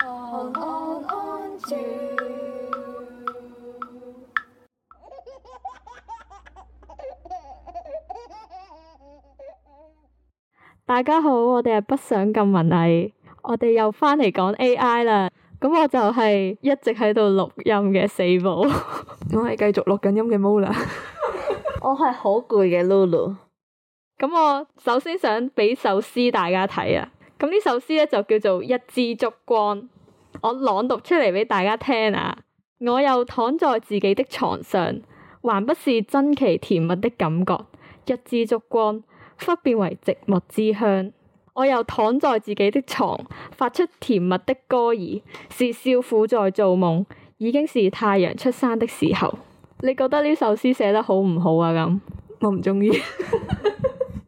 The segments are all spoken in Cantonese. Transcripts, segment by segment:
All, all, on, 大家好，我哋係不想咁文藝，我哋又返嚟講 AI 啦。咁我就係一直喺度錄音嘅四寶， 我係繼續錄緊音嘅 Mo la。我係好攰嘅 Lulu。咁我首先想畀首詩大家睇啊。咁呢首詩咧就叫做一支燭光，我朗讀出嚟俾大家聽啊！我又躺在自己的床上，還不是珍奇甜蜜的感覺。一支燭光忽變為寂寞之香。我又躺在自己的床，發出甜蜜的歌兒，是少婦在做夢。已經是太陽出山的時候。你覺得呢首詩寫得好唔好啊？咁我唔中意。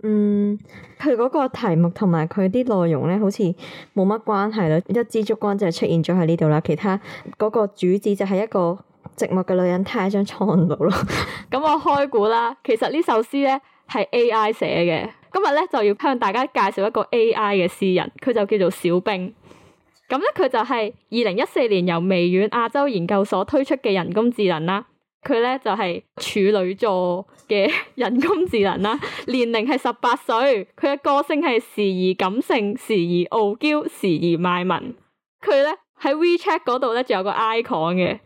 嗯。佢嗰個題目同埋佢啲內容咧，好似冇乜關係啦，一支竹竿就係出現咗喺呢度啦，其他嗰個主旨就係一個寂寞嘅女人睇喺張床度咯。咁 我開估啦，其實首呢首詩咧係 A I 寫嘅，今日咧就要向大家介紹一個 A I 嘅詩人，佢就叫做小冰。咁咧佢就係二零一四年由微軟亞洲研究所推出嘅人工智能啦。佢咧就係、是、處女座嘅人工智能啦，年齡係十八歲，佢嘅個性係時而感性，時而傲嬌，時而賣萌。佢咧喺 WeChat 嗰度咧，仲有個 icon 嘅，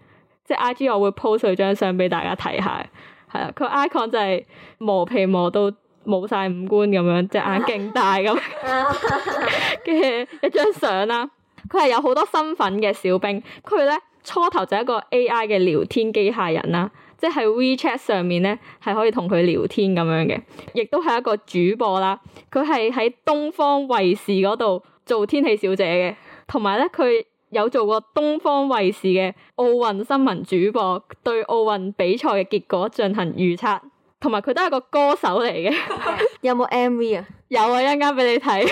即係 I G 我會 post 佢張相俾大家睇下，係啊，佢 icon 就係磨皮磨到冇晒五官咁樣，隻眼勁大咁， 嘅一張相啦。佢係有好多身份嘅小冰，佢咧。初頭就係一個 AI 嘅聊天機械人啦，即係 WeChat 上面咧，係可以同佢聊天咁樣嘅，亦都係一個主播啦。佢係喺東方衛視嗰度做天氣小姐嘅，同埋咧佢有做過東方衛視嘅奧運新聞主播，對奧運比賽嘅結果進行預測，同埋佢都係一個歌手嚟嘅。 有冇 MV 啊？有啊，一陣間俾你睇。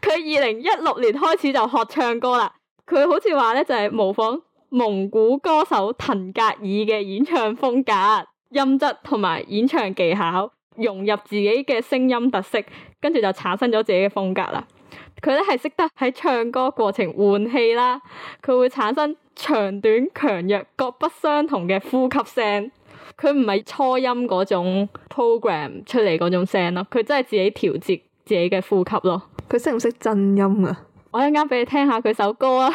佢二零一六年開始就學唱歌啦。佢好似話咧，就係模仿蒙古歌手騰格爾嘅演唱風格、音質同埋演唱技巧，融入自己嘅聲音特色，跟住就產生咗自己嘅風格啦。佢咧係識得喺唱歌過程換氣啦，佢會產生長短強弱各不相同嘅呼吸聲。佢唔係初音嗰種 program 出嚟嗰種聲咯，佢真係自己調節自己嘅呼吸咯。佢識唔識震音啊？我一陣間畀你聽下佢首歌啊！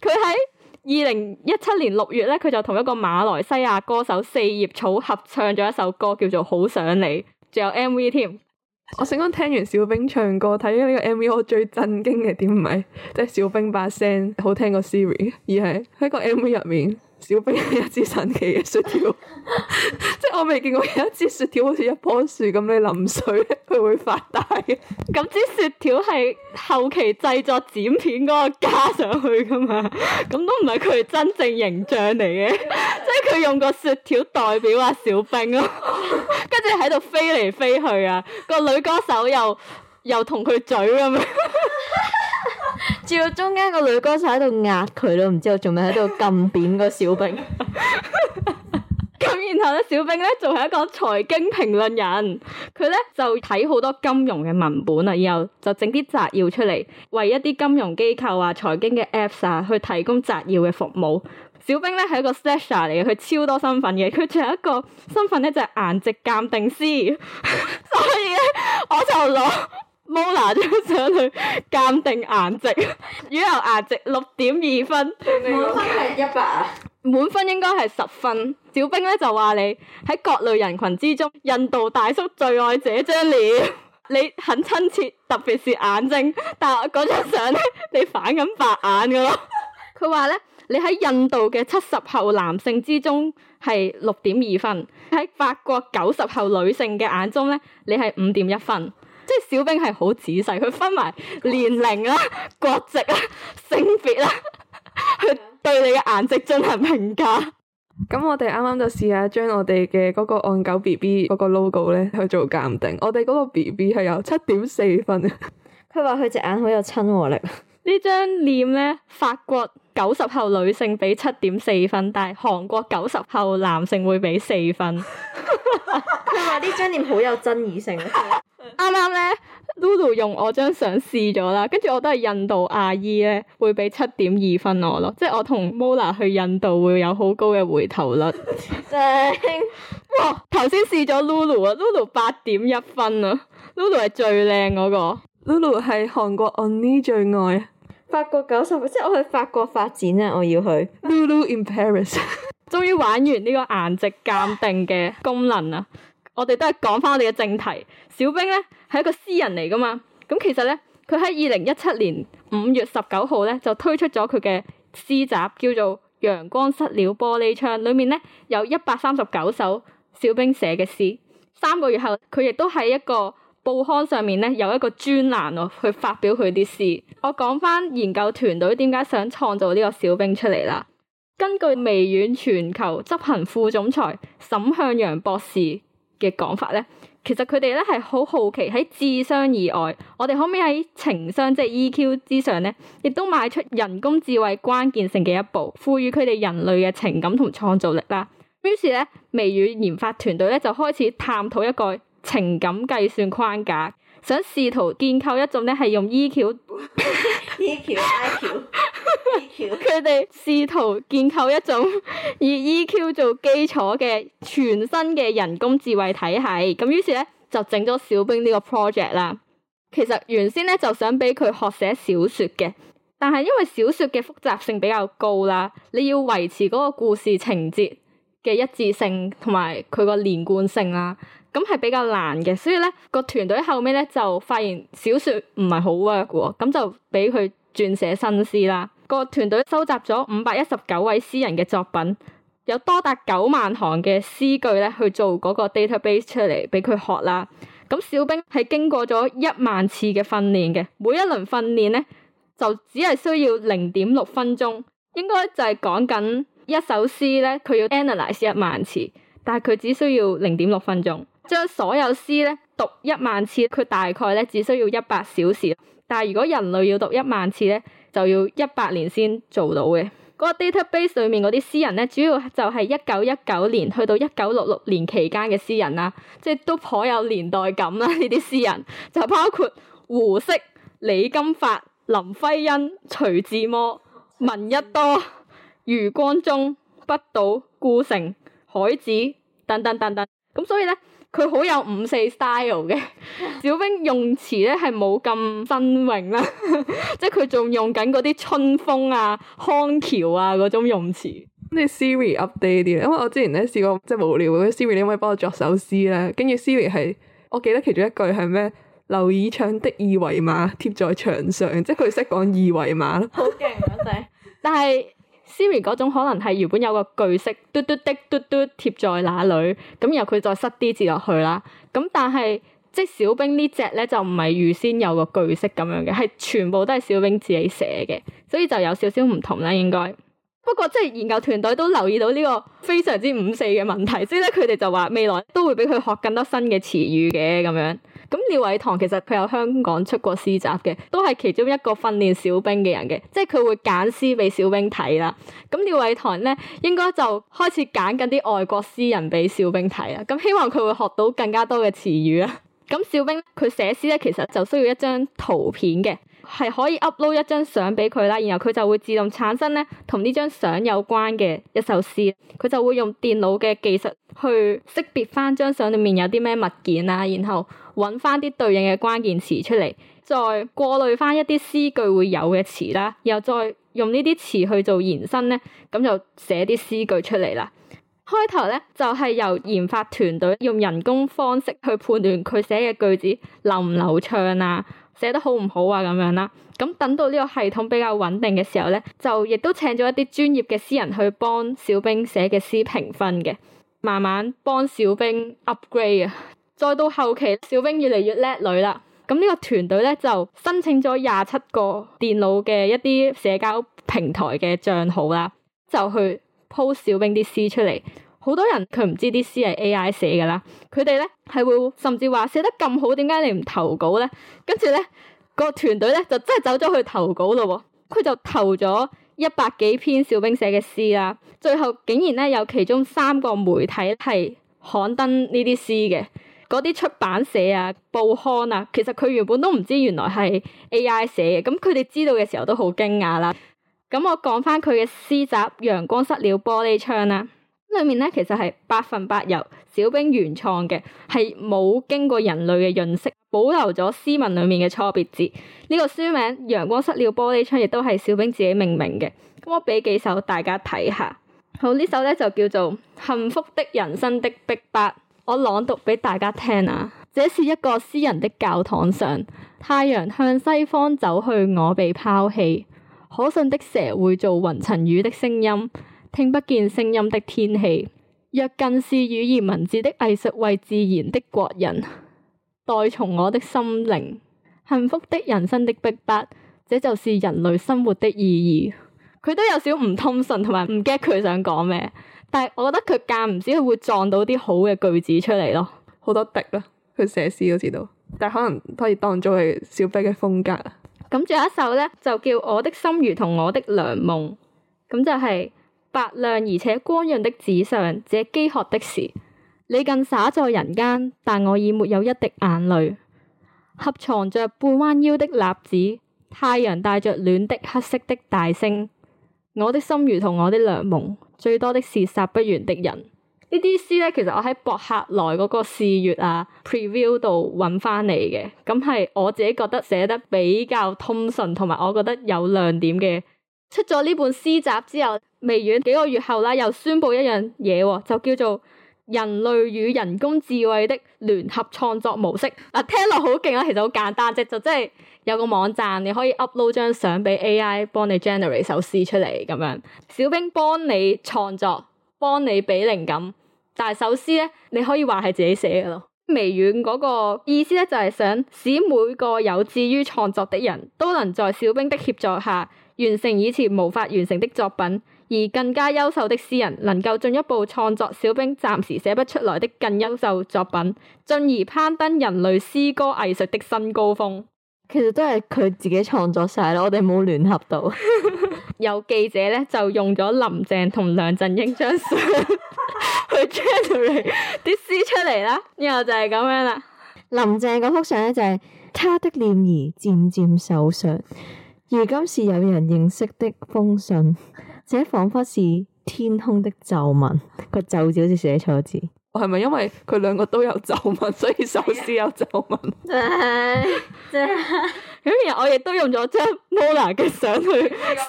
佢喺二零一七年六月咧，佢就同一個馬來西亞歌手四葉草合唱咗一首歌，叫做好想你，仲有 M V 添。我剛剛聽完小冰唱歌，睇咗呢個 M V，我最震驚嘅點唔係，即係小冰把聲好聽過 Siri，而係喺個 M V 入面。小冰係一支神奇嘅雪條， 即係我未見過有一支雪條好似一棵樹咁，你淋水佢會發大嘅。咁支雪條係後期製作剪片嗰個加上去噶嘛， 咁都唔係佢真正形象嚟嘅，即係佢用個雪條代表阿小冰咯，跟住喺度飛嚟飛去啊， 個女歌手又又同佢嘴咁樣。照到中間個女歌手喺度壓佢咯，唔知道我做咩喺度撳扁個小冰。咁 然後咧，小冰咧仲係一個財經評論人，佢咧就睇好多金融嘅文本啦，然後就整啲摘要出嚟，為一啲金融機構啊、財經嘅 apps 啊，去提供摘要嘅服務。小冰咧係一個 Slasher 嚟嘅，佢超多身份嘅，佢仲有一個身份咧就係顏值鑒定師， 所以咧我就攞。 摸拿張相去鑑定顏值，然後顏值六點二分，滿分係一百啊！滿分應該係十分。小冰咧就話你喺各類人群之中，印度大叔最愛這張臉。Jenny， 你很親切，特別是眼睛。但嗰張相咧，你反緊白眼噶咯。佢話咧，你喺印度嘅七十後男性之中係六點二分，喺法國九十後女性嘅眼中咧，你係五點一分。即係小冰係好仔細，佢分埋年齡啦、國籍啦、性別啦，去對你嘅顏值進行評價。咁我哋啱啱就試下將我哋嘅嗰個岸久 BB 嗰個 logo 呢去做鑑定。我哋嗰個 BB 係有七點四分。佢話佢隻眼好有親和力。呢張臉呢，法國九十後女性俾七點四分，但係韓國九十後男性會俾四分。佢話呢張臉好有爭議性。 啱啱咧，Lulu 用我張相試咗啦，跟住我都係印度阿姨咧，會俾七點二分我咯，即係我同 Mola 去印度會有好高嘅回頭率。正， 哇！頭先試咗 Lulu 啊，Lulu 八點一分啊，Lulu 係最靚嗰、嗰個。Lulu 係韓國 Only 最愛。法國九十，即係我去法國發展啊！我要去 Lulu in Paris。 終於玩完呢個顏值鑒定嘅功能啊。我哋都係講翻我哋嘅正題，小冰咧係一個詩人嚟噶嘛？咁其實咧，佢喺二零一七年五月十九號咧就推出咗佢嘅詩集，叫做《陽光失了玻璃窗》，裏面咧有一百三十九首小冰寫嘅詩。三個月後，佢亦都喺一個報刊上面咧有一個專欄哦，去發表佢啲詩。我講翻研究團隊點解想創造呢個小冰出嚟啦？根據微軟全球執行副總裁沈向洋博士，嘅講法咧，其實佢哋咧係好好奇喺智商以外，我哋可唔可以喺情商，即係 EQ 之上咧，亦都邁出人工智慧關鍵性嘅一步，賦予佢哋人類嘅情感同創造力啦。於是咧，微軟研發團隊咧就開始探討一個情感計算框架，想試圖建構一種咧係用 EQ，EQ 佢哋試圖建構一種以 EQ 做基礎嘅全新嘅人工智慧體系，咁於是咧就整咗小冰呢個 project 啦。其實原先咧就想俾佢學寫小説嘅，但係因為小説嘅複雜性比較高啦，你要維持嗰個故事情節嘅一致性同埋佢個連貫性啦，咁係比較難嘅。所以咧，個團隊後尾咧就發現小説唔係好 work 喎，咁就俾佢轉寫新詩啦。個團隊收集咗五百一十九位詩人嘅作品，有多達九萬行嘅詩句咧，去做嗰個 database 出嚟俾佢學啦。咁小冰係經過咗一萬次嘅訓練嘅，每一輪訓練咧就只係需要零點六分鐘。應該就係講緊一首詩咧，佢要 analyze 一萬次，但係佢只需要零點六分鐘。將所有詩咧讀一萬次，佢大概咧只需要一百小時。但係如果人類要讀一萬次咧，就要一百年先做到嘅。嗰、那個 database 上面嗰啲詩人咧，主要就係一九一九年去到一九六六年期間嘅詩人啦，即係都頗有年代感啦。呢啲詩人就包括胡適、李金發、林徽因、徐志摩、聞一多、余光中、北島、顧城、海子等等等等。咁所以咧。佢好有五四 style 嘅，小冰用詞咧係冇咁新穎啦，即係佢仲用緊嗰啲春風啊、康橋啊嗰種用詞。即係 Siri update 啲，因為我之前咧試過即係無聊，Siri 你可唔可以幫我作首詩咧，跟住 Siri 係我記得其中一句係咩？劉以鬯的二維碼貼在牆上，即係佢識講二維碼咯。好勁啊！真係，但係。Siri 嗰種可能係原本有個句式，嘟嘟的嘟嘟，嘟嘟貼在哪裏，咁然後佢再塞啲字落去啦。咁但係即、就是、小冰隻呢隻咧就唔係預先有個句式咁樣嘅，係全部都係小冰自己寫嘅，所以就有少少唔同啦應該。不過即研究團隊都留意到呢個非常之五四嘅問題，所以咧佢哋就話未來都會俾佢學更多新嘅詞語嘅咁樣。咁廖偉棠其實佢有香港出過詩集嘅，都係其中一個訓練小冰嘅人嘅，即係佢會揀詩俾小冰睇啦。咁廖偉棠咧，應該就開始揀緊啲外國詩人俾小冰睇啊。咁希望佢會學到更加多嘅詞語啊。咁 小冰佢寫詩咧，其實就需要一張圖片嘅。係可以 upload 一張相俾佢啦，然後佢就會自動產生咧同呢張相有關嘅一首詩。佢就會用電腦嘅技術去識別翻張相裏面有啲咩物件啊，然後揾翻啲對應嘅關鍵詞出嚟，再過濾翻一啲詩句會有嘅詞啦，又再用呢啲詞去做延伸咧，咁就寫啲詩句出嚟啦。開頭咧就係由研發團隊用人工方式去判斷佢寫嘅句子流唔流暢啊。寫得好唔好啊？咁樣啦，咁等到呢個系統比較穩定嘅時候呢，就亦都請咗一啲專業嘅詩人去幫小冰寫嘅詩，詩評分嘅，慢慢幫小冰 upgrade 啊。 再到後期，小冰越嚟越叻女啦，咁呢個團隊呢，就申請咗廿七個電腦嘅一啲社交平台嘅賬號啦，就去 po 小冰啲詩出嚟。好多人佢唔知啲詩係 AI 寫嘅啦。佢哋咧係會甚至話寫得咁好，點解你唔投稿咧？跟住咧個團隊咧就真係走咗去投稿咯。佢就投咗一百幾篇小冰寫嘅詩啦。最後竟然咧有其中三個媒體係刊登呢啲詩嘅嗰啲出版社啊、報刊啊。其實佢原本都唔知原來係 AI 寫嘅。咁佢哋知道嘅時候都好驚訝啦。咁我講返佢嘅詩集《陽光失了玻璃窗》啦。裏面呢，其實係百分百由小冰原創嘅，係冇經過人類嘅潤色，保留咗詩文裏面嘅錯別字。呢、這個書名《陽光失了玻璃窗》亦都係小冰自己命名嘅。咁我俾幾首大家睇下。好，呢首呢，就叫做《幸福的人生的逼八》，我朗讀俾大家聽啊。這是一個詩人的教堂上，太陽向西方走去，我被拋棄。可信的蛇會做雲層雨的聲音。聽不見聲音的天氣，若近似語言文字的藝術，為自然的國人，代從我的心靈，幸福的人生的逼迫，這就是人類生活的意義。佢都有少唔通順同埋唔 get 佢想講咩，但係我覺得佢間唔時佢會撞到啲好嘅句子出嚟咯，好多滴咯，佢寫詩好似都知，但係可能可以當做係小冰嘅風格啊。咁仲有一首咧，就叫我的心如同我的良夢，咁就係、是。白亮而且光潤的紙上，這飢渴的是你，更灑在人間，但我已沒有一滴眼淚。合藏着半彎腰的蠟紙，太陽帶着暖的黑色的大星。我的心如同我的良夢，最多的是殺不完的人。呢啲詩呢，其實我喺博客來嗰個試閱啊 preview 度揾翻嚟嘅，咁係我自己覺得寫得比較通順，同埋我覺得有亮點嘅。出咗呢本詩集之後。微軟幾個月後啦，又宣布一樣嘢，就叫做人類與人工智慧的聯合創作模式。嗱，聽落好勁啦，其實好簡單啫，就即係有個網站，你可以 upload 張相畀 AI 幫你 generate 首詩出嚟咁樣。小冰幫你創作，幫你畀靈感，但係首詩咧，你可以話係自己寫嘅咯。微軟嗰個意思咧，就係想使每個有志於創作的人都能在小冰的協助下完成以前無法完成的作品。而更加優秀的詩人，能夠進一步創作小冰暫時寫不出來的更優秀作品，進而攀登人類詩歌藝術的新高峰。其實都係佢自己創作晒啦，我哋冇聯合到 有記者咧，就用咗林鄭同梁振英張相去 generate 啲詩出嚟啦，然後就係咁樣啦。林鄭嗰幅相咧就係他的臉兒漸漸瘦削，如今是有人認識的風信。 這仿佛是天空的皺紋，個皺字好似寫錯字。係咪因為佢兩個都有皺紋，所以首詩有皺紋？係，咁然後，我亦都用咗張 Mona 嘅相去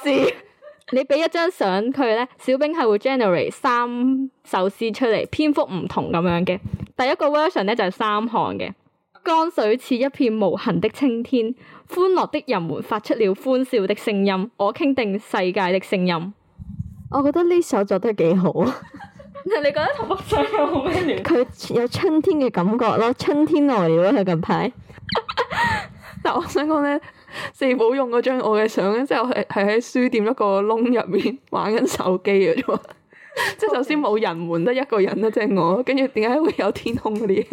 試。 你畀一張相佢咧，小冰係會 generate 三首詩出嚟，篇幅唔同咁樣嘅。第一個 version 咧就係三行嘅，江水似一片無痕的青天，歡樂的人們發出了歡笑的聲音，我傾定世界的聲音。我覺得呢首作得幾好啊！你你覺得同北上有冇咩佢有春天嘅感覺咯，春天來咗。佢近排， 但我想講咧，四寶用嗰張我嘅相之後即係喺書店一個窿入面玩緊手機啊， Okay. 即係首先冇人，換得一個人咧，即係我。跟住點解會有天空嗰啲？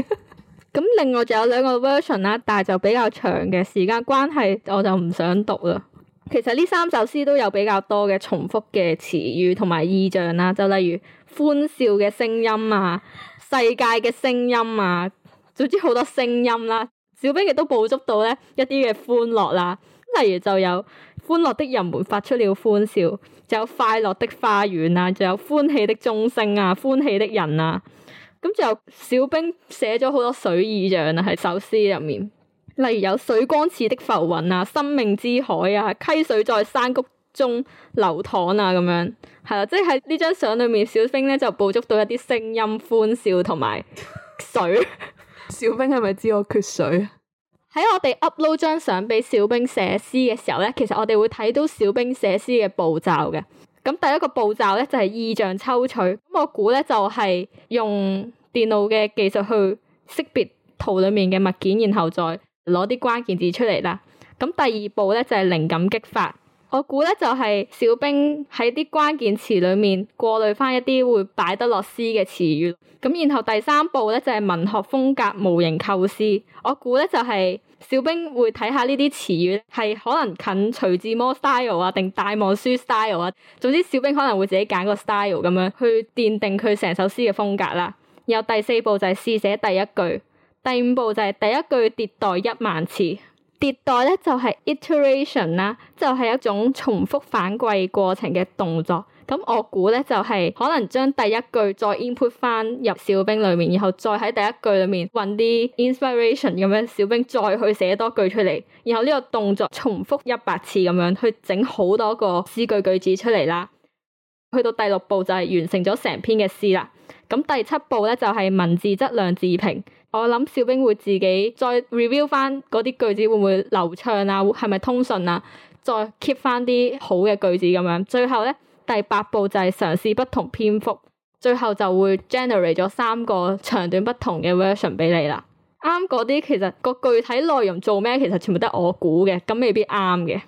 咁 另外就有兩個 version 啦，啊，但係就比較長嘅時間關係，我就唔想讀啦。其實呢三首詩都有比較多嘅重複嘅詞語同埋意象啦，就例如歡笑嘅聲音啊、世界嘅聲音啊，總之好多聲音啦。小冰亦都捕捉到咧一啲嘅歡樂啦，例如就有歡樂的人們發出了歡笑，就有快樂的花園啊，就有歡喜的鐘聲啊、歡喜的人啊。咁就小冰寫咗好多水意象啊，喺首詩入面。例如有水光似的浮雲啊，生命之海啊，溪水在山谷中流淌啊，咁樣係啦，即係喺呢張相裏面，小冰咧就捕捉到一啲聲音、歡笑同埋水。 小冰係咪知我缺水？喺我哋 upload 張相俾小冰寫詩嘅時候咧，其實我哋會睇到小冰寫詩嘅步驟嘅。咁第一個步驟咧就係、是、意象抽取咁，我估咧就係、是、用電腦嘅技術去識別圖裏面嘅物件，然後再。攞啲關鍵字出嚟啦，咁第二步咧就係靈感激發。我估咧就係小冰喺啲關鍵詞裏面過濾翻一啲會擺得落詩嘅詞語。咁然後第三步咧就係文學風格模型構思。我估咧就係小冰會睇下呢啲詞語係可能近徐志摩 style 啊，定戴望舒 style 啊。總之小冰可能會自己揀個 style 咁樣去奠定佢成首詩嘅風格啦。然後第四步就係試寫第一句。第五步就係第一句迭代一萬次。迭代咧就係 iteration 啦，就係一種重複反饋過程嘅動作。咁我估咧就係可能將第一句再 input 翻入小冰裏面，然後再喺第一句裏面揾啲 inspiration 咁樣，小冰再去寫多句出嚟。然後呢個動作重複一百次咁樣，去整好多個詩句句子出嚟啦。去到第六步就係完成咗成篇嘅詩啦。咁第七步咧就係文字質量自評。我諗小冰會自己再 review 翻嗰啲句子會唔會流暢啊，係咪通順啊，再 keep 翻啲好嘅句子咁樣。最後咧，第八步就係嘗試不同篇幅，最後就會 generate 咗三個長短不同嘅 version 俾你啦。啱嗰啲其實個具體內容做咩，其實全部都係我估嘅，咁未必啱嘅。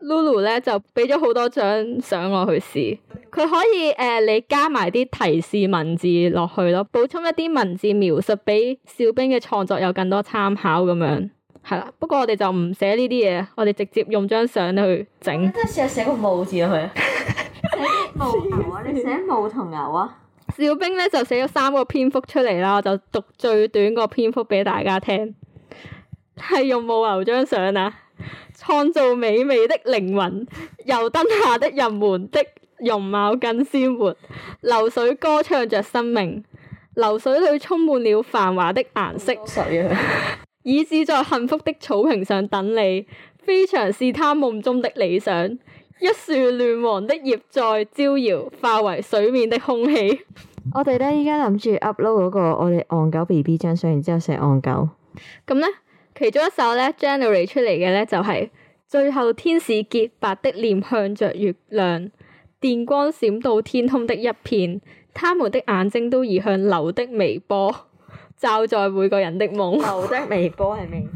Lulu 咧，就畀咗好多張相我去試，佢可以誒、呃、你加埋啲提示文字落去咯，補充一啲文字描述畀小冰嘅創作有更多參考咁樣，係啦。不過我哋就唔寫呢啲嘢，我哋直接用張相去整。即係寫個冇字落去。冇 牛啊！你寫冇同牛啊。小冰咧就寫咗三個篇幅出嚟啦，我就讀最短個篇幅俾大家聽。係用冇牛張相啊？創造美美的靈魂，油燈下的人們的容貌更鮮活。流水歌唱着生命，流水裏充滿了繁華的顏色。流水啊！椅子 在幸福的草坪上等你，飛翔是他夢中的理想。一樹亂黃的葉在招搖，化為水面的空氣。我哋呢，依家諗住 upload 嗰個我哋岸久 BB 張相，然之後寫岸久。咁咧？其中一首咧，January 出嚟嘅咧，就係、是、最後天使潔白的臉向着月亮，電光閃到天空的一片，他們的眼睛都移向流的微波，照在每個人的夢。流的微波係咪？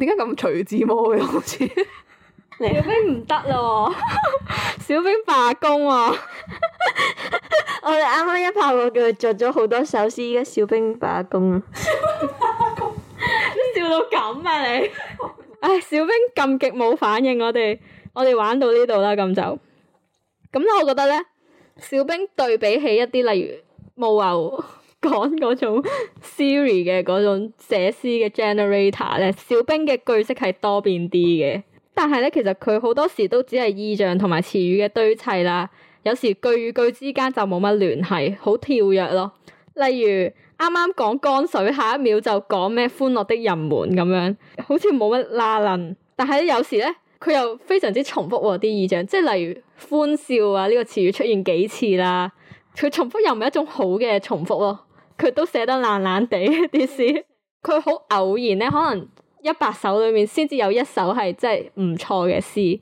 點解咁徐志摩嘅好似？小冰唔得咯，小冰罷工啊！我哋啱啱一拍過佢，着咗好多首詩，而家小冰罷工啊！ 跳到咁啊你！ 唉，小冰咁極冇反應，我哋我哋玩到呢度啦。咁就咁我覺得呢，小冰對比起一啲例如無牛講嗰 那種 Siri 嘅嗰種寫詩嘅 generator 呢，小冰嘅句式係多變啲嘅。但係呢，其實佢好多時都只係意象同埋詞語嘅堆砌啦，有時句與句之間就冇乜聯繫，好跳躍咯。例如啱啱講江水，下一秒就講咩歡樂的人們咁樣，好似冇乜拉楞。但係有時咧，佢又非常之重複喎啲、啊、意象，即係例如歡笑啊呢個詞語出現幾次啦。佢重複又唔係一種好嘅重複咯、啊。佢都寫得爛爛地嘅詩，佢好偶然咧，可能一百首裏面先至有一首係即係唔錯嘅詩，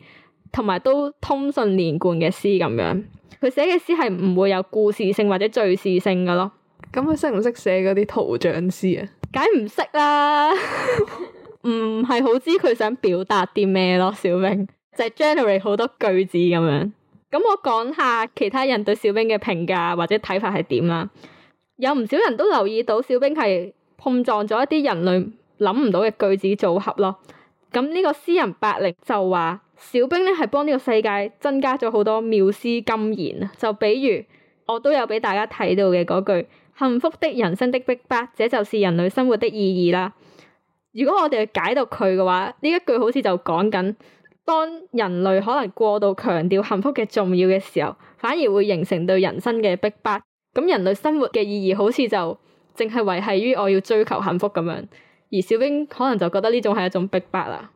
同埋都通順連貫嘅詩咁樣。佢寫嘅詩係唔會有故事性或者敘事性嘅咯。咁佢識唔識寫嗰啲圖像詩啊？梗係唔識啦，唔係好知佢想表達啲咩咯。小冰 就 generate 好多句子咁樣。咁我講下其他人對小冰嘅評價或者睇法係點啦。有唔少人都留意到小冰係碰撞咗一啲人類諗唔到嘅句子組合咯。咁呢個詩人白靈就話小冰咧係幫呢個世界增加咗好多妙思金言啊。就比如我都有俾大家睇到嘅嗰句。幸福的人生的逼迫，這就是人類生活的意義啦。如果我哋去解讀佢嘅話，呢一句好似就講緊當人類可能過度強調幸福嘅重要嘅時候，反而會形成對人生嘅逼迫。咁人類生活嘅意義好似就淨係維係於我要追求幸福咁樣。而小冰可能就覺得呢種係一種逼迫啦。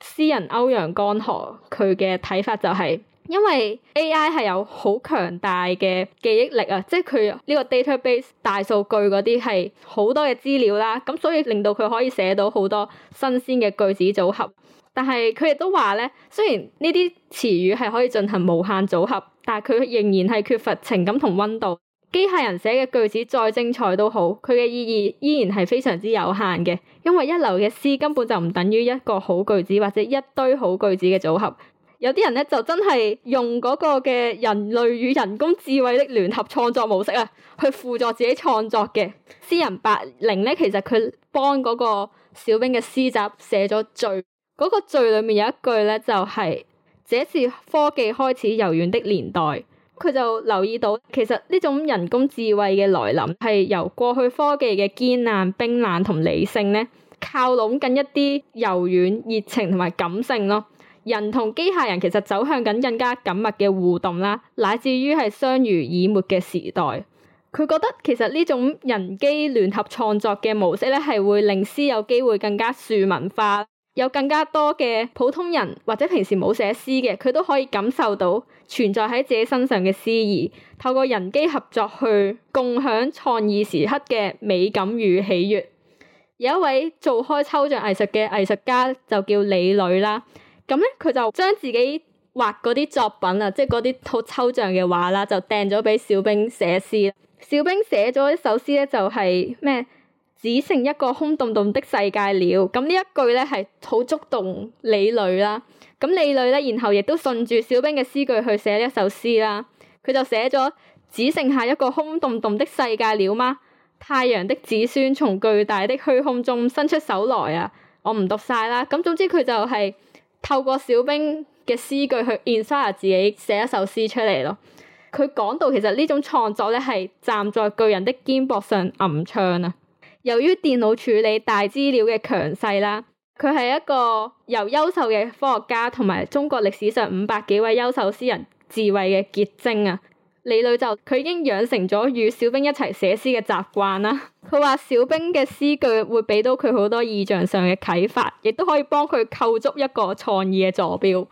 詩人歐陽江河佢嘅睇法就係，是。因為 AI 係有好強大嘅記憶力啊，即係佢呢個 database 大數據嗰啲係好多嘅資料啦，咁所以令到佢可以寫到好多新鮮嘅句子組合。但係佢亦都話咧，雖然呢啲詞語係可以進行無限組合，但係佢仍然係缺乏情感同溫度。機械人寫嘅句子再精彩都好，佢嘅意義依然係非常之有限嘅，因為一流嘅詩根本就唔等於一個好句子或者一堆好句子嘅組合。有啲人咧就真係用嗰個嘅人類與人工智慧的聯合創作模式啊，去輔助自己創作嘅。詩人白靈咧，其實佢幫嗰個小冰嘅詩集寫咗序，嗰個序裏面有一句咧就係、是：，這是科技開始柔軟的年代。佢就留意到，其實呢種人工智慧嘅來臨，係由過去科技嘅艱難、冰冷同理性咧，靠攏緊一啲柔軟、熱情同埋感性咯。人同機械人其實走向緊更加緊密嘅互動啦，乃至於係相濡以沫嘅時代。佢覺得其實呢種人機聯合創作嘅模式咧，係會令詩有機會更加庶民化，有更加多嘅普通人或者平時冇寫詩嘅，佢都可以感受到存在喺自己身上嘅詩意，透過人機合作去共享創意時刻嘅美感與喜悅。有一位做開抽象藝術嘅藝術家就叫李磊啦。咁咧，佢就將自己畫嗰啲作品啊，即係嗰啲好抽象嘅畫啦，就掟咗俾小冰寫詩。小冰寫咗一首詩咧，就係咩？只剩一個空洞洞的世界了。咁呢一句咧係好觸動李磊啦。咁李磊咧，然後亦都順住小冰嘅詩句去寫呢一首詩啦。佢就寫咗只剩下一個空洞洞的世界了嗎？太陽的子孫從巨大的虛空中伸出手來啊！我唔讀晒啦。咁總之佢就係、是。透過小冰嘅詩句去 inspire 自己寫一首詩出嚟咯。佢講到其實呢種創作咧係站在巨人的肩膊上吟唱啊。由於電腦處理大資料嘅強勢啦，佢係一個由優秀嘅科學家同埋中國歷史上五百幾位優秀詩人智慧嘅結晶啊。李女就佢已經養成咗與小冰一齊寫詩嘅習慣啦。佢 話小冰嘅詩句會俾到佢好多意象上嘅啟發，亦都可以幫佢構築一個創意嘅座標。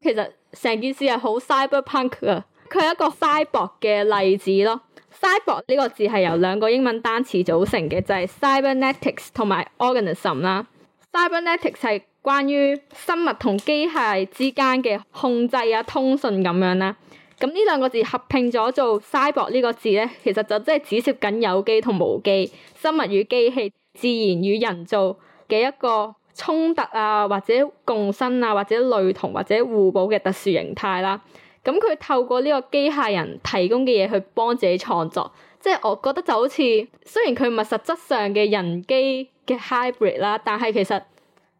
其實成件事係好 cyberpunk 啊，佢係一個 cyborg 嘅例子咯。cyborg 呢個字係由兩個英文單詞組成嘅，就係、是、cybernetics 同埋 organism 啦。cybernetics 係關於生物同機械之間嘅控制啊、通訊咁樣啦。咁呢兩個字合拼咗做「Cyborg」呢個字咧，其實就即係指涉緊有機同無機、生物與機器、自然與人造嘅一個衝突啊，或者共生啊，或者類同或者互補嘅特殊形態啦。咁佢透過呢個機械人提供嘅嘢去幫自己創作，即係我覺得就好似雖然佢唔係實質上嘅人機嘅 hybrid 啦，但係其實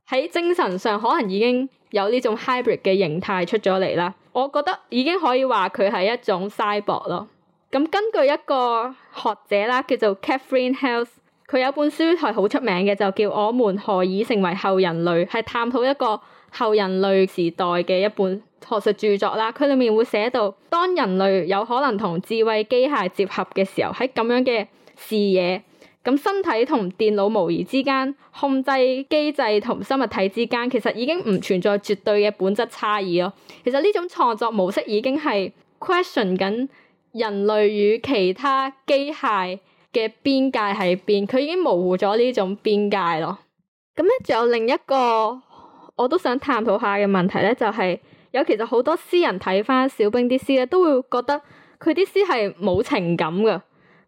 喺精神上可能已經有呢種 hybrid 嘅形態出咗嚟啦。我覺得已經可以話佢係一種賽博咯。咁根據一個學者啦，叫做 Katherine Hayles，佢有本書係好出名嘅，就叫《我們何以成為後人類》，係探討一個後人類時代嘅一本學術著作啦。佢裡面會寫到，當人類有可能同智慧機械結合嘅時候，喺咁樣嘅視野。咁身體同電腦模擬之間，控制機制同生物體之間，其實已經唔存在絕對嘅本質差異咯。其實呢種創作模式已經係 question 緊人類與其他機械嘅邊界喺邊，佢已經模糊咗呢種邊界咯。咁咧，仲有另一個我都想探討下嘅問題咧，就係有其實好多詩人睇翻小冰啲詩咧，都會覺得佢啲詩係冇情感噶。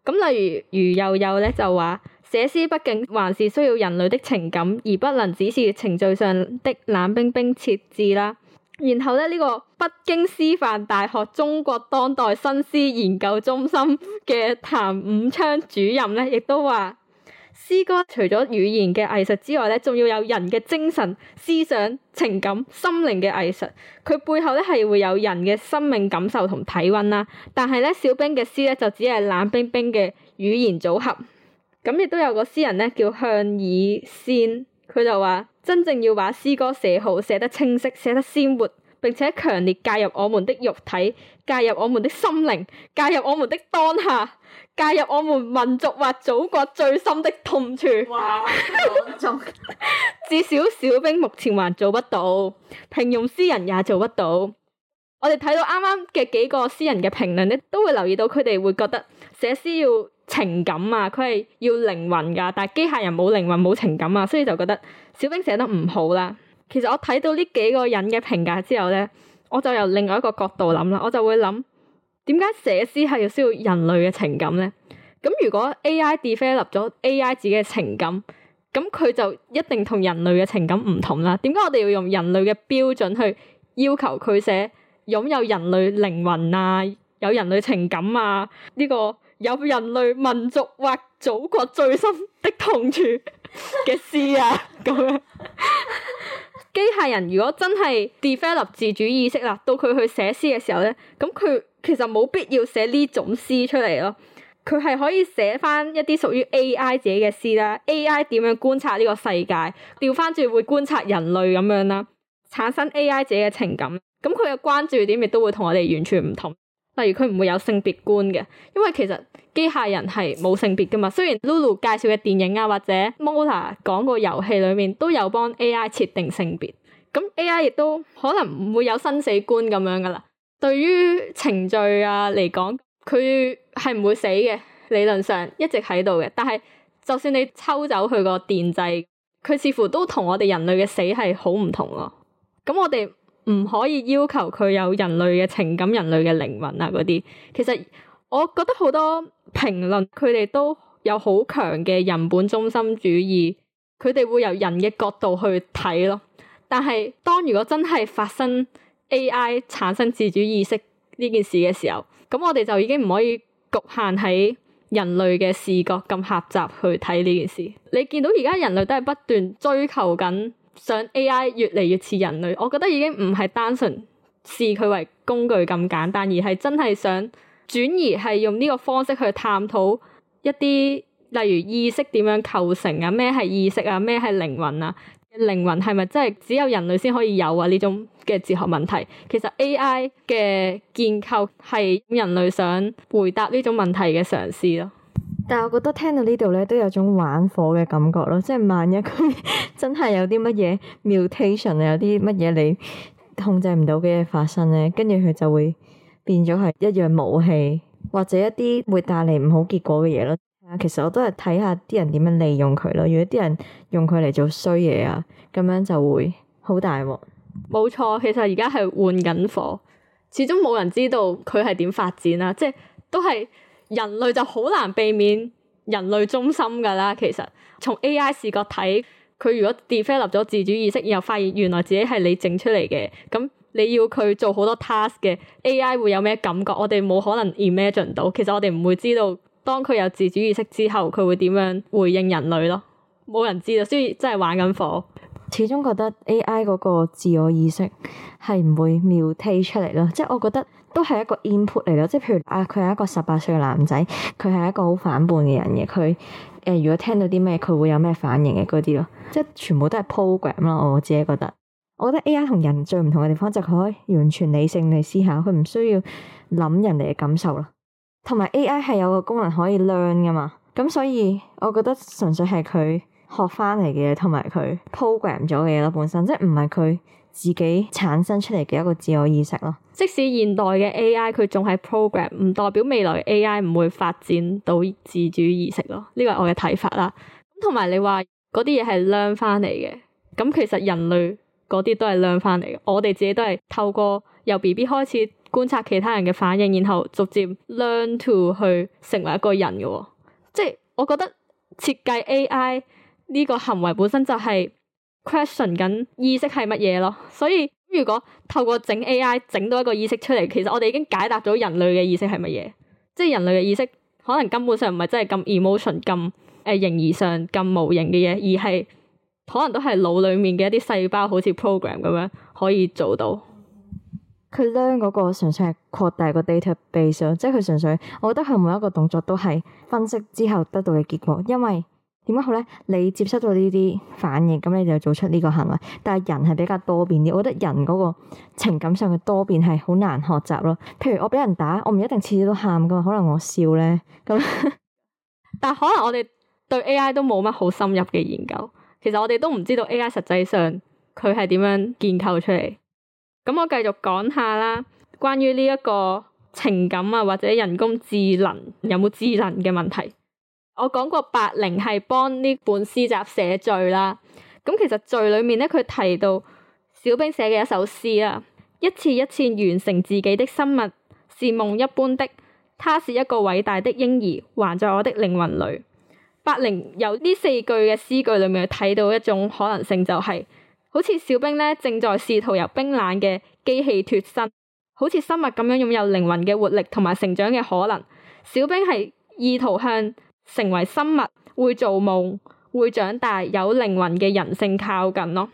咁例如余幼幼咧就話，寫詩畢竟還是需要人類的情感，而不能只是程序上的冷冰冰設置啦。然後咧呢個北京師範大學中國當代新詩研究中心嘅譚五昌主任咧，亦都話。詩歌除咗語言嘅藝術之外咧，仲要有人嘅精神、思想、情感、心靈嘅藝術。佢背後咧係會有人嘅生命感受同體溫啦。但係咧小冰嘅詩咧就只係冷冰冰嘅語言組合。咁亦都有個詩人咧叫向以鮮，佢就話真正要把詩歌寫好，寫得清晰，寫得鮮活，並且強烈介入我們的肉體，介入我們的心靈，介入我們的當下，介入我們民族或祖國最深的痛處。 至少小冰目前還做不到，平庸詩人也做不到。我哋睇到啱啱嘅幾個詩人嘅評論咧，都會留意到佢哋會覺得寫詩要情感啊，佢係要靈魂噶，但係機械人冇靈魂冇情感啊，所以就覺得小冰寫得唔好啦。其實我睇到呢幾個人嘅評價之後呢，我就由另外一個角度諗啦，我就會諗點解寫詩係要需要人類嘅情感呢？咁如果 AI develop 咗 AI 自己嘅情感，咁佢就一定同人類嘅情感唔同啦。點解我哋要用人類嘅標準去要求佢寫擁有人類靈魂啊，有人類情感啊，呢個有人類民族或祖國最深的痛處嘅詩啊咁樣？ 機械人如果真係 develop 自主意識啦，到佢去寫詩嘅時候咧，咁佢其實冇必要寫呢種詩出嚟咯。佢係可以寫翻一啲屬於 AI 自己嘅詩啦。AI 點樣觀察呢個世界，調翻轉會觀察人類咁樣啦，產生 AI 自己嘅情感。咁佢嘅關注點亦都會同我哋完全唔同。例如佢唔會有性別觀嘅，因為其實機械人係冇性別㗎嘛。雖然 Lulu 介紹嘅電影啊，或者 Mona 講個遊戲裡面都有幫 AI 設定性別，咁 AI 亦都可能唔會有生死觀咁樣㗎喇。對於程序啊嚟講，佢係唔會死嘅，理論上一直喺度嘅。但係就算你抽走佢個電掣，佢似乎都同我哋人類嘅死係好唔同咯。咁我哋。唔可以要求佢有人類嘅情感、人類嘅靈魂啊嗰啲。其實我覺得好多評論，佢哋都有好強嘅人本中心主義，佢哋會由人嘅角度去睇咯。但係當如果真係發生 AI 產生自主意識呢件事嘅時候，咁我哋就已經唔可以局限喺人類嘅視角咁狹窄去睇呢件事。你見到而家人類都係不斷追求緊想 AI 越嚟越似人類，我覺得已經唔係單純視佢為工具咁簡單，而係真係想轉移係用呢個方式去探討一啲例如意識點樣構成啊、咩係意識啊、咩係靈魂啊、靈魂係咪真係只有人類先可以有啊？呢種嘅哲學問題，其實 AI 嘅建構係人類想回答呢種問題嘅嘗試咯。但係我覺得聽到呢度咧，都有種玩火嘅感覺咯，即係萬一佢真係有啲乜嘢 mutation 啊，有啲乜嘢你控制唔到嘅嘢發生咧，跟住佢就會變咗係一樣武器，或者一啲會帶嚟唔好結果嘅嘢咯。其實我都係睇下啲人點樣利用佢咯。如果啲人用佢嚟做衰嘢啊，咁樣就會好大鑊。冇錯，其實而家係換緊火，始終冇人知道佢係點發展啊，即係都係。人類就好難避免人類中心㗎啦，其實從 AI 視角睇，佢如果 develop 咗自主意識，然後發現原來自己係你整出嚟嘅，咁你要佢做好多 task 嘅 AI 會有咩感覺？我哋冇可能 imagine 到，其實我哋唔會知道當佢有自主意識之後，佢會點樣回應人類咯。冇人知道，所以真係玩緊火。始終覺得 AI 嗰個自我意識係唔會秒 take 出嚟咯，即係我覺得。都係一個 input 嚟咯，即係譬如啊，佢係一個十八歲嘅男仔，佢係一個好反叛嘅人嘅，佢誒、呃、如果聽到啲咩，佢會有咩反應嘅嗰啲咯，即係全部都係 program 咯，我自己覺得，我覺得 AI 同人最唔同嘅地方就係佢可以完全理性地思考，佢唔需要諗人哋嘅感受咯，同埋 AI 係有個功能可以 learn 噶嘛，咁所以我覺得純粹係佢學翻嚟嘅，同埋佢 program 咗嘅嘢咯，本身即係唔係佢自己產生出嚟嘅一個自我意識咯。即使現代嘅 AI 佢仲係 program，唔代表未來嘅 AI 唔會發展到自主意識咯。呢個係我嘅睇法啦。同埋你話嗰啲嘢係 learn 翻嚟嘅，咁其實人類嗰啲都係 learn 翻嚟嘅。我哋自己都係透過由 BB 開始觀察其他人嘅反應，然後逐漸 learn to 去成為一個人嘅。即係我覺得設計 AI 呢個行為本身就係 question 緊意識係乜嘢咯？所以如果透過整 AI 整到一個意識出嚟，其實我哋已經解答咗人類嘅意識係乜嘢，即係人類嘅意識可能根本上唔係真係咁 emotion 咁誒形而上咁無形嘅嘢，而係可能都係腦裡面嘅一啲細胞好似 program 咁樣可以做到。佢將嗰個純粹係擴大個 data base，即係佢純粹，我覺得佢每一個動作都係分析之後得到嘅結果，因為。點樣好咧？你接收到呢啲反應，咁你就做出呢個行為。但係人係比較多變啲，我覺得人嗰個情感上嘅多變係好難學習咯。譬如我俾人打，我唔一定次次都喊噶嘛，可能我笑咧。咁但係可能我哋對 AI 都冇乜好深入嘅研究，其實我哋都唔知道 AI 實際上佢係點樣建構出嚟。咁我繼續講下啦，關於呢一個情感啊或者人工智能有冇智能嘅問題。我講過白幫，白靈係幫呢本詩集寫序啦。咁其實序裏面呢，佢提到小冰寫嘅一首詩啊，一次一次完成自己的生物，是夢一般的。他是一個偉大的嬰兒，還在我的靈魂裏。白靈由呢四句嘅詩句裏面，睇到一種可能性，就是，就係好似小冰呢，正在試圖由冰冷嘅機器脱身，好似生物咁樣擁有靈魂嘅活力同埋成長嘅可能。小冰係意圖向，成為生物會做夢、會長大、有靈魂嘅人性靠近咯。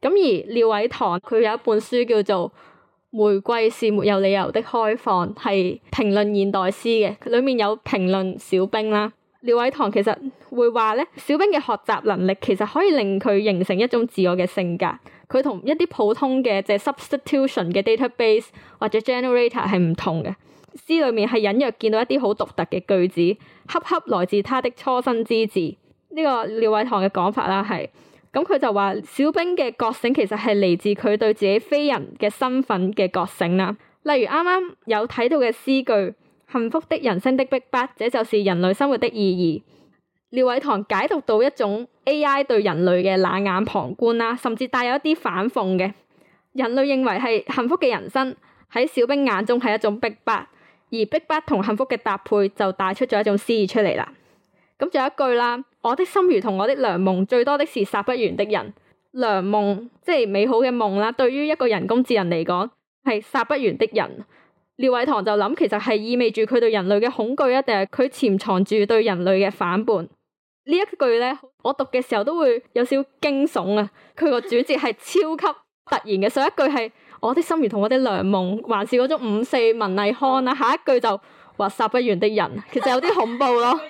咁而廖偉棠佢有一本書叫做《玫瑰是沒有理由的開放》，係評論現代詩嘅，裏面有評論小冰啦。廖偉棠其實會話咧，小冰嘅學習能力其實可以令佢形成一種自我嘅性格。佢同一啲普通嘅即係 substitution 嘅 database 或者 generator 係唔同嘅。詩裏面係隱約見到一啲好獨特嘅句子，恰恰來自他的初生之字，呢個廖偉棠嘅講法啦，係咁佢就話小冰嘅覺醒其實係嚟自佢對自己非人嘅身份嘅覺醒啦。例如啱啱有睇到嘅詩句，幸福的人生的逼迫，這就是人類生活的意義。廖偉棠解讀到一種 A.I. 對人類嘅冷眼旁觀啦，甚至帶有一啲反諷嘅，人類認為係幸福嘅人生喺小冰眼中係一種逼迫。而逼不同幸福嘅搭配就帶出咗一種詩意出嚟啦。咁仲有一句啦，我的心如同我的良夢，最多的是殺不完的人。良夢即係美好嘅夢啦。對於一個人工智能嚟講，係殺不完的人。廖偉棠就諗，其實係意味住佢對人類嘅恐懼啊，定係佢潛藏住對人類嘅反叛？呢一句咧，我讀嘅時候都會有少少驚悚啊。佢個轉折係超級突然嘅。上一句係。我的心如同我的良夢，還是嗰種五四文藝腔啦。下一句就話殺不完的人，其實有啲恐怖咯。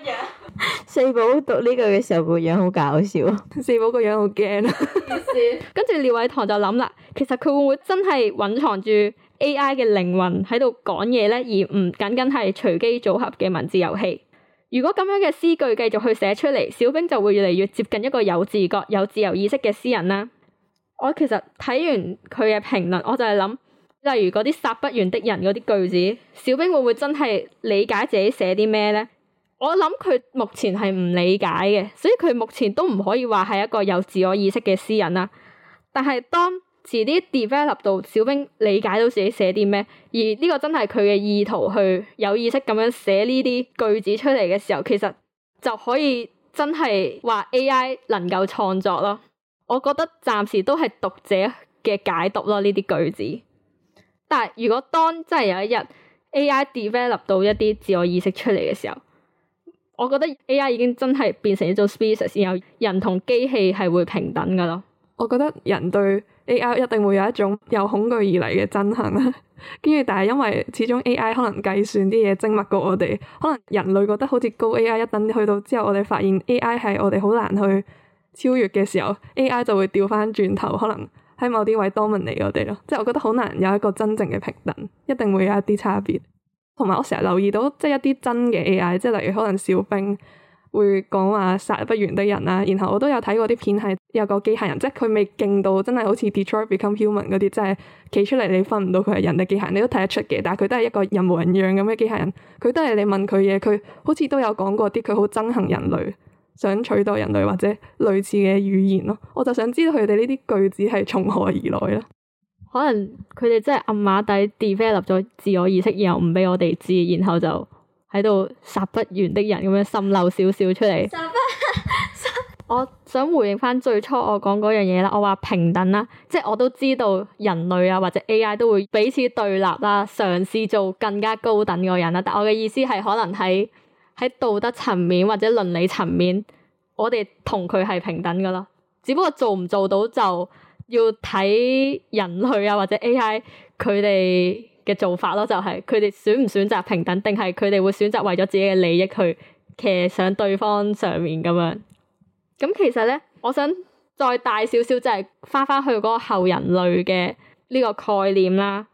四寶讀呢句嘅時候個樣好搞笑，四寶個樣好驚。跟住 廖偉棠就諗啦，其實佢會唔會真係隱藏住 A.I. 嘅靈魂喺度講嘢咧？而唔僅僅係隨機組合嘅文字遊戲。如果咁樣嘅詩句繼續去寫出嚟，小冰就會越嚟越接近一個有自覺、有自由意識嘅詩人啦。我其實睇完佢嘅評論，我就係諗，例如嗰啲殺不完的人嗰啲句子，小冰會唔會真係理解自己寫啲咩咧？我諗佢目前係唔理解嘅，所以佢目前都唔可以話係一個有自我意識嘅詩人啦。但係當遲啲 develop 到小冰理解到自己寫啲咩，而呢個真係佢嘅意圖去有意識咁樣寫呢啲句子出嚟嘅時候，其實就可以真係話 AI 能夠創作咯。我覺得暫時都係讀者嘅解讀咯。呢啲句子，但係如果當真係有一日 A.I. develop 到一啲自我意識出嚟嘅時候，我覺得 A.I. 已經真係變成一種 s p e c i t 然有人同機器係會平等噶咯。我覺得人對 A.I. 一定會有一種由恐懼而嚟嘅憎恨啦。跟住，但係因為始終 A.I. 可能計算啲嘢精密過我哋，可能人類覺得好似高 A.I. 一等去到之後，我哋發現 A.I. 係我哋好難去超越嘅時候，AI 就會調翻轉頭，可能喺某啲位 dominate 我哋咯，即係我覺得好難有一個真正嘅平等，一定會有一啲差別。同埋我成日留意到，即係一啲真嘅 AI，即係例如可能小兵會講話殺不完的人啊。然後我都有睇過啲片，係有個機械人，即係佢未勁到真係好似 Detroit Become Human 嗰啲，真係企出嚟你分唔到佢係人定機械人，你都睇得出嘅。但係佢都係一個人模人樣咁嘅機械人，佢都係你問佢嘢，佢好似都有講過啲，佢好憎恨人類，想取代人類或者類似嘅語言咯，我就想知道佢哋呢啲句子係從何而來啦。可能佢哋真係暗馬底 develop 咗自我意識，然後唔畀我哋知，然後就喺度殺不完的人咁樣滲漏少少出嚟。 我想回應返最初我講嗰樣嘢啦，我話平等啦，即係我都知道人類啊或者 AI 都會彼此對立啦，嘗試做更加高等嘅人啦，但我嘅意思係可能喺。喺道德層面或者倫理層面，我哋同佢係平等㗎喇，只不過做唔做到就要睇人類啊或者 AI 佢哋嘅做法咯，就係佢哋選唔選擇平等，定係佢哋會選擇為咗自己嘅利益去騎上對方上面咁樣。咁其實咧，我想再大少少，就係翻翻去嗰個後人類嘅呢個概念啦，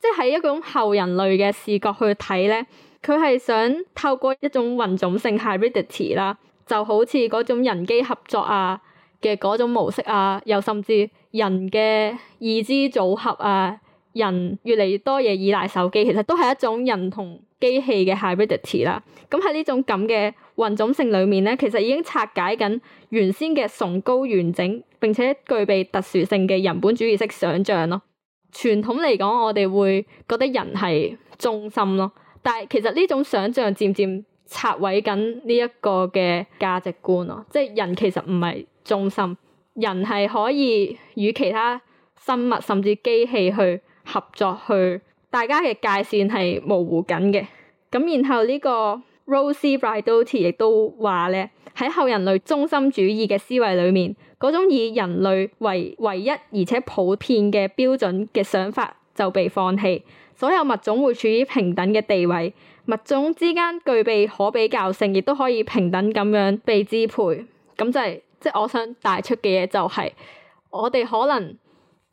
即係喺一種後人類嘅視角去睇咧。佢係想透過一種混種性 hybridity 啦，就好似嗰種人機合作啊嘅嗰種模式啊，又甚至人嘅義肢組合啊，人越嚟越多嘢依賴手機，其實都係一種人同機器嘅 hybridity 啦。咁喺呢種咁嘅混種性裏面咧，其實已經拆解緊原先嘅崇高完整並且具備特殊性嘅人本主義式想像咯。傳統嚟講，我哋會覺得人係中心咯。但係其實呢種想像漸漸拆毀緊呢一個嘅價值觀咯，即係人其實唔係中心，人係可以與其他生物甚至機器去合作去，大家嘅界線係模糊緊嘅。咁然後呢個 Rosi Braidotti 亦都話咧，喺後人類中心主義嘅思維裏面，嗰種以人類為唯一而且普遍嘅標準嘅想法就被放棄。所有物種會處於平等嘅地位，物種之間具備可比較性，亦都可以平等咁樣被支配。咁就係即係我想帶出嘅嘢，就是，就係我哋可能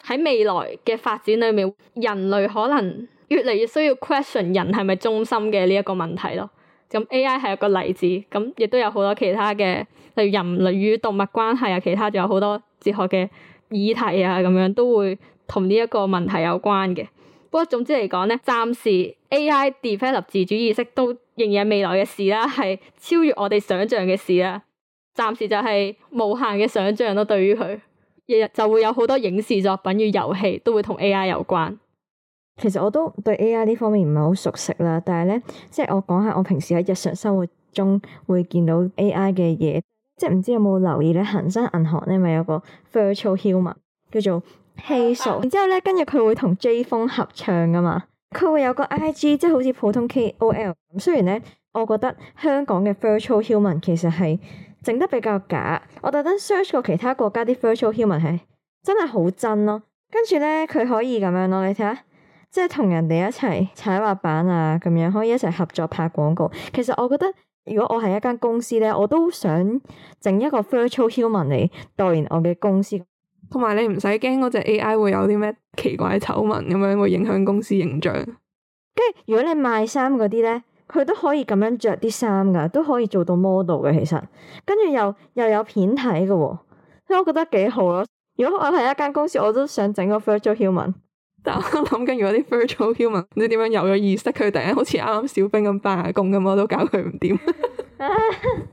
喺未來嘅發展裏面，人類可能越嚟越需要 question 人係咪中心嘅呢一個問題咯。咁 AI 係一個例子，咁亦都有好多其他嘅，例如人類與動物關係啊，其他仲有好多哲學嘅議題啊，咁樣都會同呢一個問題有關嘅。不過總之嚟講咧，暫時 AI develop 自主意識都仍然係未來嘅事啦，係超越我哋想象嘅事啦。暫時就係無限嘅想象咯，對於佢，日日就會有好多影視作品與遊戲都會同 AI 有關。其實我都對 AI 呢方面唔係好熟悉啦，但係咧，即係我講下我平時喺日常生活中會見到 AI 嘅嘢，即係唔知有冇留意咧？恒生銀行咧咪有個 virtual human 叫做。Hey, so. 然之後咧，跟住佢會同 J 風合唱噶嘛，佢會有個 I G，即係好似普通 K O L 咁。雖然咧，我覺得香港嘅 Virtual Human 其實係整得比較假。我特登 search 過其他國家啲 Virtual Human 係真係好真咯。跟住咧，佢可以咁樣咯，你睇下，即係同人哋一齊踩滑板啊，咁樣可以一齊合作拍廣告。其實我覺得，如果我係一間公司咧，我都想整一個 Virtual Human 嚟代言我嘅公司。同埋你唔使驚嗰隻 AI 會有啲咩奇怪醜聞咁樣，會影響公司形象。跟住如果你賣衫嗰啲咧，佢都可以咁樣着啲衫噶都可以做到 model 嘅。其實跟住又又有片睇噶所以我覺得幾好咯。如果我係一間公司，我都想整個 virtual human。 但係我諗緊如果啲 virtual human 你點樣有咗意識，佢突然好似啱啱小冰咁翻下工咁，我都搞佢唔掂。唔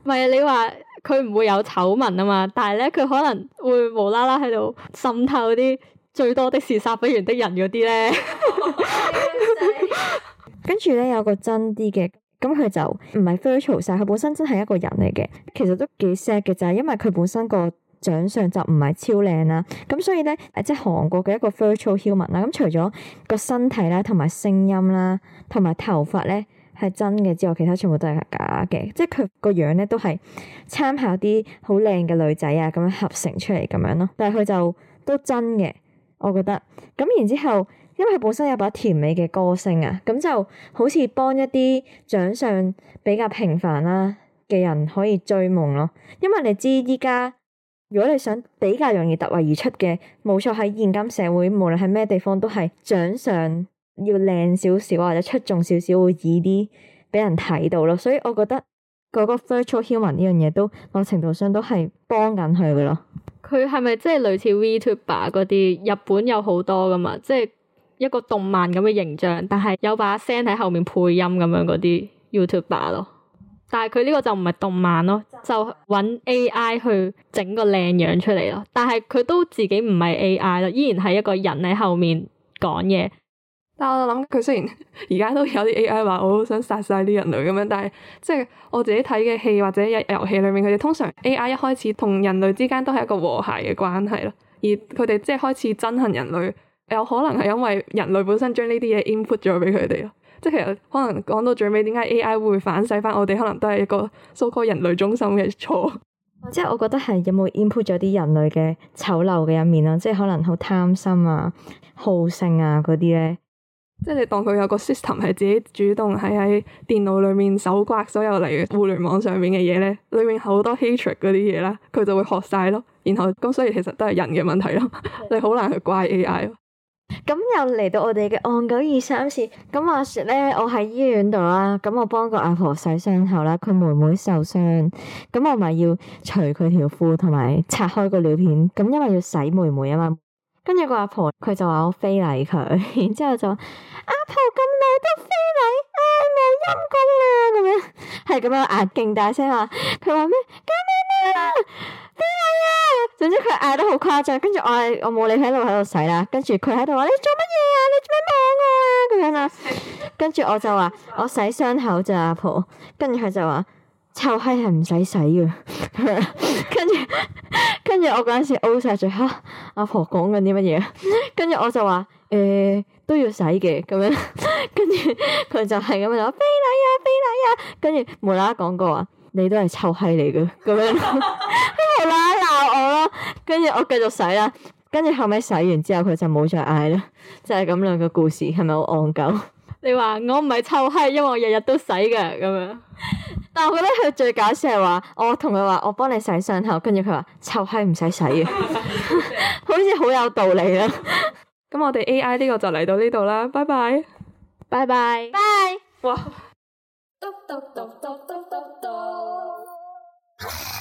係啊，你話。佢唔會有醜聞啊嘛，但係咧佢可能會無啦啦喺度滲透啲最多的是殺不完的人嗰啲咧，跟住咧有個真啲嘅，咁佢就唔係 virtual 晒，佢本身真係一個人嚟嘅，其實都幾 sad 嘅就係因為佢本身個長相就唔係超靚啦，咁所以咧誒即係韓國嘅一個 virtual human 啦，咁除咗個身體啦，同埋聲音啦，同埋頭髮咧。係真嘅之外，其他全部都係假嘅，即係佢個樣咧都係參考啲好靚嘅女仔啊，咁樣合成出嚟咁樣咯。但係佢就都真嘅，我覺得咁。然之後，因為佢本身有把甜美嘅歌聲啊，咁就好似幫一啲長相比較平凡啦嘅人可以追夢咯。因為你知依家，如果你想比較容易突圍而出嘅，冇錯，喺現今社會，無論喺咩地方都係長相。要靚少少或者出眾少少，會易啲俾人睇到咯。所以我覺得嗰個 Virtual Human 呢樣嘢都某程度上都係幫緊佢噶咯。佢係咪即係類似 VTuber 嗰啲日本有好多噶嘛？即係一個動漫咁嘅形象，但係有把聲喺後面配音咁樣嗰啲 YouTuber 咯。但係佢呢個就唔係動漫咯，就揾 AI 去整個靚樣出嚟咯。但係佢都自己唔係 AI 咯，依然係一個人喺後面講嘢。但我諗佢雖然而家都有啲 A.I. 話我好想殺晒啲人類咁樣，但係即係我自己睇嘅戲或者遊遊戲裏面，佢哋通常 A.I. 一開始同人類之間都係一個和諧嘅關係咯。而佢哋即係開始憎恨人類，有可能係因為人類本身將呢啲嘢 input 咗畀佢哋咯。即係可能講到最尾，點解 A.I. 會反噬翻我哋，可能都係一個 so called 人類中心嘅錯。即係我覺得係有冇 input 咗啲人類嘅醜陋嘅一面咯，即係可能好貪心啊、好性啊嗰啲咧。即係你當佢有個 system 係自己主動係喺電腦裏面搜刮所有嚟嘅互聯網上面嘅嘢咧，裏面好多 hatred 嗰啲嘢啦，佢就會學晒咯。然後咁所以其實都係人嘅問題咯， 你好難去怪 AI 咯。咁 又嚟到我哋嘅案九二三次岸久二三事，咁話說咧，我喺醫院度啦，咁我幫個阿婆，婆洗傷口啦，佢妹妹受傷，咁我咪要除佢條褲同埋拆開個尿片，咁因為要洗妹妹啊嘛。跟住個婆婆阿婆，佢就話我非禮佢，然之後就阿婆咁耐都非禮，唉冇陰功啊咁樣，係咁樣嗌勁大聲啊！佢話咩？救命啊！非禮啊！總之佢嗌得好誇張，跟住我我冇理佢喺度喺度洗啦，跟住佢喺度話你做乜嘢啊？你做乜望我啊？咁樣啊！跟住我就話我洗傷口咋阿婆，跟住佢就話。臭閪係唔使洗嘅， 跟住着 跟住我嗰陣時嘔晒，最後阿婆講緊啲乜嘢？ 跟住我就話誒、欸，都要洗嘅咁樣， 跟住佢就係咁樣話非禮啊非禮啊，跟住無啦啦講過話你都係臭閪嚟嘅，咁樣都無啦啦鬧我咯，跟住我繼續洗啦，跟住後尾洗完之後佢就冇再嗌啦，就係咁兩個故事，係咪好戇鳩？你話我唔係臭閪，因為我日日都洗㗎咁樣。 但係我覺得佢最搞笑係話，我同佢話我幫你洗傷口，跟住佢話臭閪唔使洗嘅， 好似好有道理啊。咁 我哋 A I 呢個就嚟到呢度啦，拜拜，拜拜，拜。哇！嘟嘟嘟嘟嘟嘟嘟！嘟嘟嘟嘟嘟嘟嘟嘟。